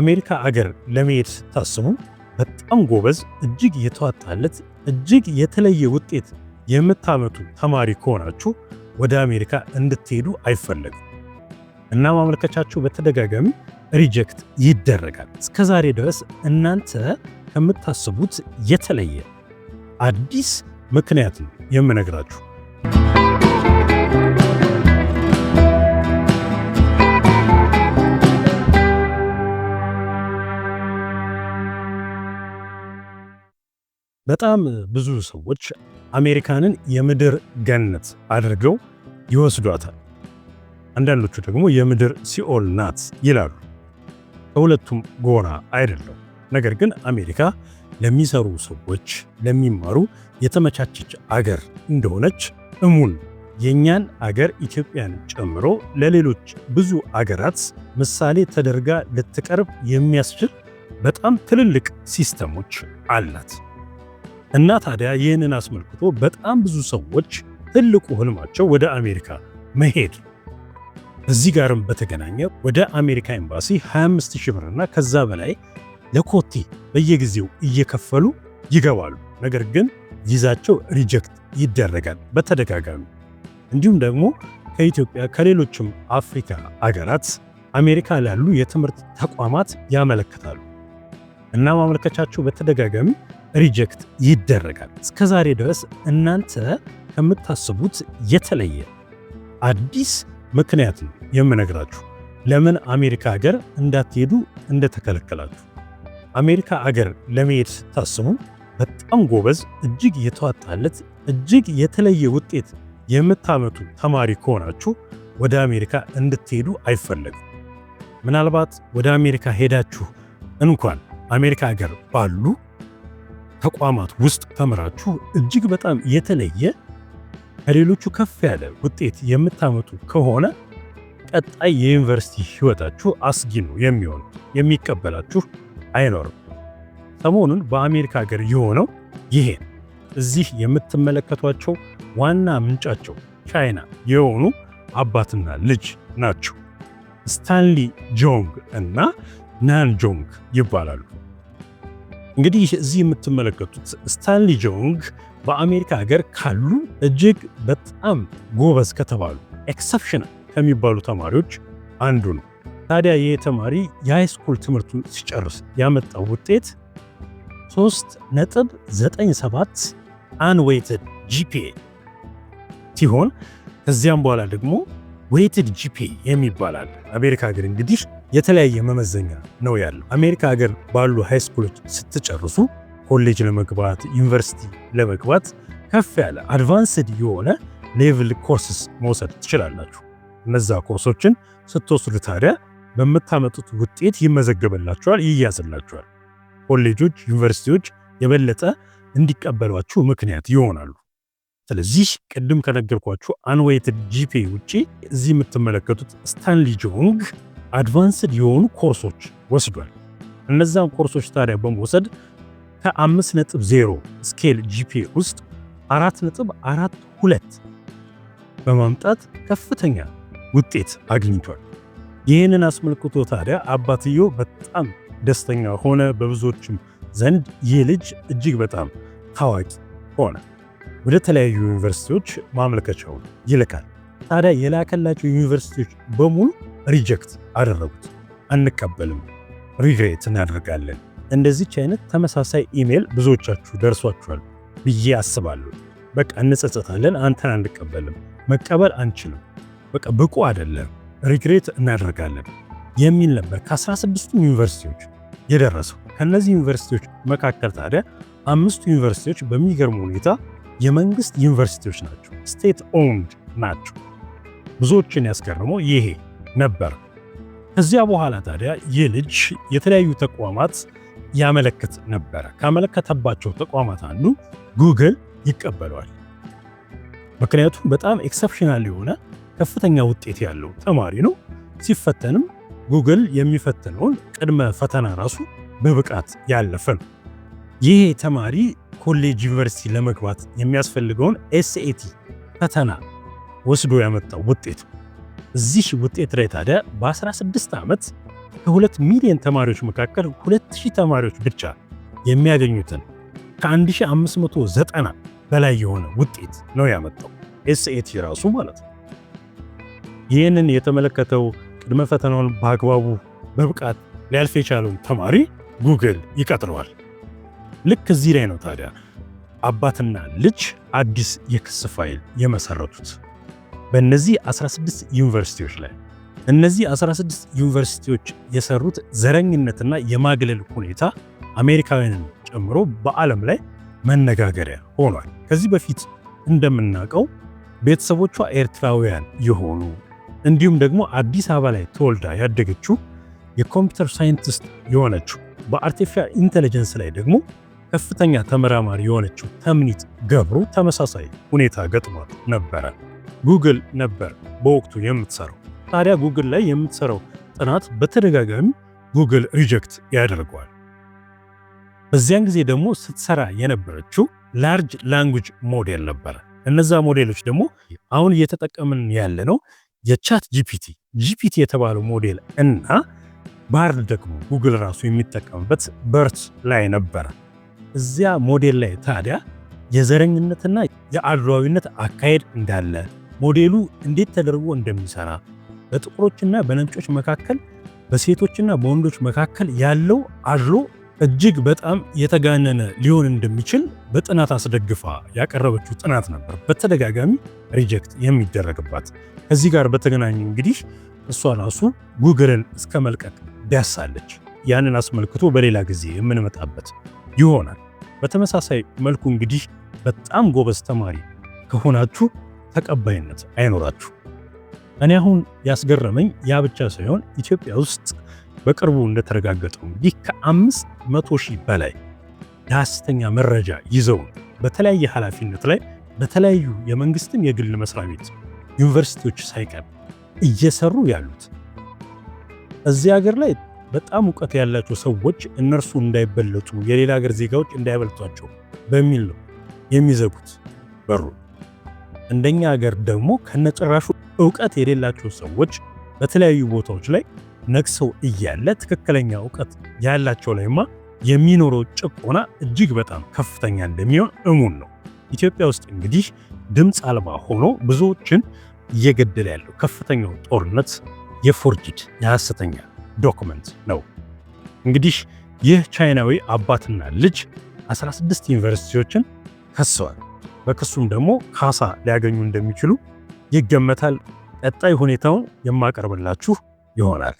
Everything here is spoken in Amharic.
አሜሪካ አገር ለመሄድ ስታስቡ በጣም ጎበዝ፣ እጅግ የተዋጣለት፣ እጅግ የተለየ ውጤት የምታመቱ ተማሪ ከሆናችሁ ወደ አሜሪካ እንድትሄዱ አይፈለግም እና ማመልከቻችሁ በተደጋጋሚ ሪጀክት ይደረጋል። እስከዛሬ ድረስ እናንተ ከምታስቡት የተለየ አዲስ ምክንያት ነው የምነግራችሁ። በጣም ብዙ ሰዎች አሜሪካንን የምድር ገነት አድርገው ይወስዷታል። አንዳንዶቹ ደግሞ የምድር ሲኦል ናት ይላሉ። ከሁለቱም ጎራ አይደለም። ነገር ግን አሜሪካ ለሚሰሩ ሰዎች፣ ለሚማሩ የተመቻቸች አገር እንደሆነች እሙን የእኛን አገር ኢትዮጵያን ጨምሮ ለሌሎች ብዙ አገራት ምሳሌ ተደርጋ ልትቀርብ የሚያስችል በጣም ትልልቅ ሲስተሞች አላት። እና ታዲያ ይህንን አስመልክቶ በጣም ብዙ ሰዎች ትልቁ ህልማቸው ወደ አሜሪካ መሄድ እዚህ ጋርም በተገናኘ ወደ አሜሪካ ኤምባሲ 25 ሺህ ብር እና ከዛ በላይ ለኮቲ በየጊዜው እየከፈሉ ይገባሉ። ነገር ግን ቪዛቸው ሪጀክት ይደረጋል በተደጋጋሚ። እንዲሁም ደግሞ ከኢትዮጵያ ከሌሎችም አፍሪካ አገራት አሜሪካ ላሉ የትምህርት ተቋማት ያመለክታሉ እና ማመልከቻቸው በተደጋጋሚ ሪጀክት ይደረጋል። እስከ ዛሬ ድረስ እናንተ ከምታስቡት የተለየ አዲስ ምክንያት ነው የምነግራችሁ ለምን አሜሪካ ሀገር እንዳትሄዱ እንደተከለከላችሁ። አሜሪካ አገር ለመሄድ ስታስቡ በጣም ጎበዝ፣ እጅግ የተዋጣለት፣ እጅግ የተለየ ውጤት የምታመቱ ተማሪ ከሆናችሁ ወደ አሜሪካ እንድትሄዱ አይፈለግም። ምናልባት ወደ አሜሪካ ሄዳችሁ እንኳን አሜሪካ ሀገር ባሉ ተቋማት ውስጥ ተምራችሁ እጅግ በጣም የተለየ ከሌሎቹ ከፍ ያለ ውጤት የምታመጡ ከሆነ ቀጣይ የዩኒቨርሲቲ ህይወታችሁ አስጊ ነው የሚሆን የሚቀበላችሁ አይኖርም። ሰሞኑን በአሜሪካ ሀገር የሆነው ይሄ እዚህ የምትመለከቷቸው ዋና ምንጫቸው ቻይና የሆኑ አባትና ልጅ ናቸው። ስታንሊ ጆንግ እና ናን ጆንግ ይባላሉ። እንግዲህ እዚህ የምትመለከቱት ስታንሊ ጆንግ በአሜሪካ ሀገር ካሉ እጅግ በጣም ጎበዝ ከተባሉ ኤክሰፕሽናል ከሚባሉ ተማሪዎች አንዱ ነው። ታዲያ ይህ ተማሪ የሃይስኩል ትምህርቱን ሲጨርስ ያመጣው ውጤት 3.97 አንዌይትድ ጂፒኤ ሲሆን ከዚያም በኋላ ደግሞ ዌይትድ ጂፒኤ የሚባል አለ። አሜሪካ ሀገር እንግዲህ የተለያየ መመዘኛ ነው ያለው። አሜሪካ ሀገር ባሉ ሃይስኩሎች ስትጨርሱ ኮሌጅ ለመግባት ዩኒቨርሲቲ ለመግባት ከፍ ያለ አድቫንስድ የሆነ ሌቭል ኮርስስ መውሰድ ትችላላችሁ። እነዛ ኮርሶችን ስትወስዱ ታዲያ በምታመጡት ውጤት ይመዘገበላችኋል፣ ይያዝላችኋል። ኮሌጆች፣ ዩኒቨርሲቲዎች የበለጠ እንዲቀበሏችሁ ምክንያት ይሆናሉ። ስለዚህ ቅድም ከነገርኳችሁ አንዌይትድ ጂፒኤ ውጪ እዚህ የምትመለከቱት ስታንሊ ጆንግ አድቫንስድ የሆኑ ኮርሶች ወስዷል። እነዛን ኮርሶች ታዲያ በመውሰድ ከ5.0 ስኬል ጂፒኤ ውስጥ 4.42 በማምጣት ከፍተኛ ውጤት አግኝቷል። ይህንን አስመልክቶ ታዲያ አባትየው በጣም ደስተኛ ሆነ። በብዙዎችም ዘንድ ይህ ልጅ እጅግ በጣም ታዋቂ ሆነ። ወደ ተለያዩ ዩኒቨርሲቲዎች ማመልከቻውን ይልካል። ታዲያ የላከላቸው ዩኒቨርሲቲዎች በሙሉ ሪጀክት አደረጉት። አንቀበልም፣ ሪግሬት እናደርጋለን። እንደዚች አይነት ተመሳሳይ ኢሜል ብዙዎቻችሁ ደርሷችኋል ብዬ አስባለሁ። በቃ እንጸጸታለን፣ አንተን አንቀበልም፣ መቀበል አንችልም፣ በቃ ብቁ አይደለም፣ ሪግሬት እናደርጋለን የሚል ነበር ከ16ቱም ዩኒቨርሲቲዎች የደረሰው። ከእነዚህ ዩኒቨርሲቲዎች መካከል ታዲያ አምስቱ ዩኒቨርሲቲዎች በሚገርም ሁኔታ የመንግስት ዩኒቨርሲቲዎች ናቸው፣ ስቴት ኦውንድ ናቸው። ብዙዎችን ያስገርመው ይሄ ነበር። ከዚያ በኋላ ታዲያ ይህ ልጅ የተለያዩ ተቋማት ያመለክት ነበረ። ካመለከተባቸው ተቋማት አንዱ ጉግል ይቀበለዋል። ምክንያቱም በጣም ኤክሰፕሽናል የሆነ ከፍተኛ ውጤት ያለው ተማሪ ነው። ሲፈተንም ጉግል የሚፈትነውን ቅድመ ፈተና ራሱ በብቃት ያለፈ ነው። ይህ ተማሪ ኮሌጅ ዩኒቨርሲቲ ለመግባት የሚያስፈልገውን ኤስኤቲ ፈተና ወስዶ ያመጣው ውጤት እዚህ ውጤት ላይ ታዲያ በ16 ዓመት ከ2 ሚሊዮን ተማሪዎች መካከል 2000 ተማሪዎች ብቻ የሚያገኙትን ከ1590 በላይ የሆነ ውጤት ነው ያመጣው ኤስኤቲ ራሱ ማለት ነው። ይህንን የተመለከተው ቅድመ ፈተናውን በአግባቡ በብቃት ሊያልፍ የቻለውን ተማሪ ጉግል ይቀጥረዋል። ልክ እዚህ ላይ ነው ታዲያ አባትና ልጅ አዲስ የክስ ፋይል የመሰረቱት። በእነዚህ 16 ዩኒቨርሲቲዎች ላይ እነዚህ 16 ዩኒቨርሲቲዎች የሰሩት ዘረኝነትና የማግለል ሁኔታ አሜሪካውያንን ጨምሮ በዓለም ላይ መነጋገሪያ ሆኗል። ከዚህ በፊት እንደምናውቀው ቤተሰቦቿ ኤርትራውያን የሆኑ እንዲሁም ደግሞ አዲስ አበባ ላይ ተወልዳ ያደገችው የኮምፒውተር ሳይንቲስት የሆነችው በአርቲፊሻል ኢንቴሊጀንስ ላይ ደግሞ ከፍተኛ ተመራማሪ የሆነችው ተምኒት ገብሩ ተመሳሳይ ሁኔታ ገጥሟት ነበረ። ጉግል ነበር በወቅቱ የምትሰራው። ታዲያ ጉግል ላይ የምትሰራው ጥናት በተደጋጋሚ ጉግል ሪጀክት ያደርገዋል። በዚያን ጊዜ ደግሞ ስትሰራ የነበረችው ላርጅ ላንጉጅ ሞዴል ነበረ። እነዛ ሞዴሎች ደግሞ አሁን እየተጠቀምን ያለ ነው የቻት ጂፒቲ ጂፒቲ የተባለው ሞዴል እና ባርድ ደግሞ ጉግል ራሱ የሚጠቀምበት በርት ላይ ነበረ። እዚያ ሞዴል ላይ ታዲያ የዘረኝነትና የአድሏዊነት አካሄድ እንዳለ ሞዴሉ እንዴት ተደርጎ እንደሚሰራ በጥቁሮችና በነጮች መካከል በሴቶችና በወንዶች መካከል ያለው አድሎ እጅግ በጣም የተጋነነ ሊሆን እንደሚችል በጥናት አስደግፋ ያቀረበችው ጥናት ነበር በተደጋጋሚ ሪጀክት የሚደረግባት። ከዚህ ጋር በተገናኘ እንግዲህ እሷ ራሱ ጉግልን እስከ መልቀቅ ዳሳለች። ያንን አስመልክቶ በሌላ ጊዜ የምንመጣበት ይሆናል። በተመሳሳይ መልኩ እንግዲህ በጣም ጎበዝ ተማሪ ከሆናችሁ ተቀባይነት አይኖራችሁ። እኔ አሁን ያስገረመኝ ያ ብቻ ሳይሆን ኢትዮጵያ ውስጥ በቅርቡ እንደተረጋገጠው እንግዲህ ከአምስት መቶ ሺህ በላይ የሐሰተኛ መረጃ ይዘው በተለያየ ኃላፊነት ላይ በተለያዩ የመንግስትም የግል መስሪያ ቤት ዩኒቨርሲቲዎች ሳይቀር እየሰሩ ያሉት እዚህ ሀገር ላይ በጣም እውቀት ያላቸው ሰዎች እነርሱ እንዳይበለጡ የሌላ ሀገር ዜጋዎች እንዳይበልጧቸው በሚል ነው የሚዘጉት በሩን። እንደኛ ሀገር ደግሞ ከነጭራሹ እውቀት የሌላቸው ሰዎች በተለያዩ ቦታዎች ላይ ነግሰው እያለ ትክክለኛ እውቀት ያላቸው ላይማ የሚኖረው ጭቆና እጅግ በጣም ከፍተኛ እንደሚሆን እሙን ነው። ኢትዮጵያ ውስጥ እንግዲህ ድምፅ አልባ ሆኖ ብዙዎችን እየገደለ ያለው ከፍተኛው ጦርነት የፎርጅድ የሐሰተኛ ዶክመንት ነው። እንግዲህ ይህ ቻይናዊ አባትና ልጅ 16 ዩኒቨርሲቲዎችን ከሰዋል። በክሱም ደግሞ ካሳ ሊያገኙ እንደሚችሉ ይገመታል። ቀጣይ ሁኔታውን የማቀርብላችሁ ይሆናል።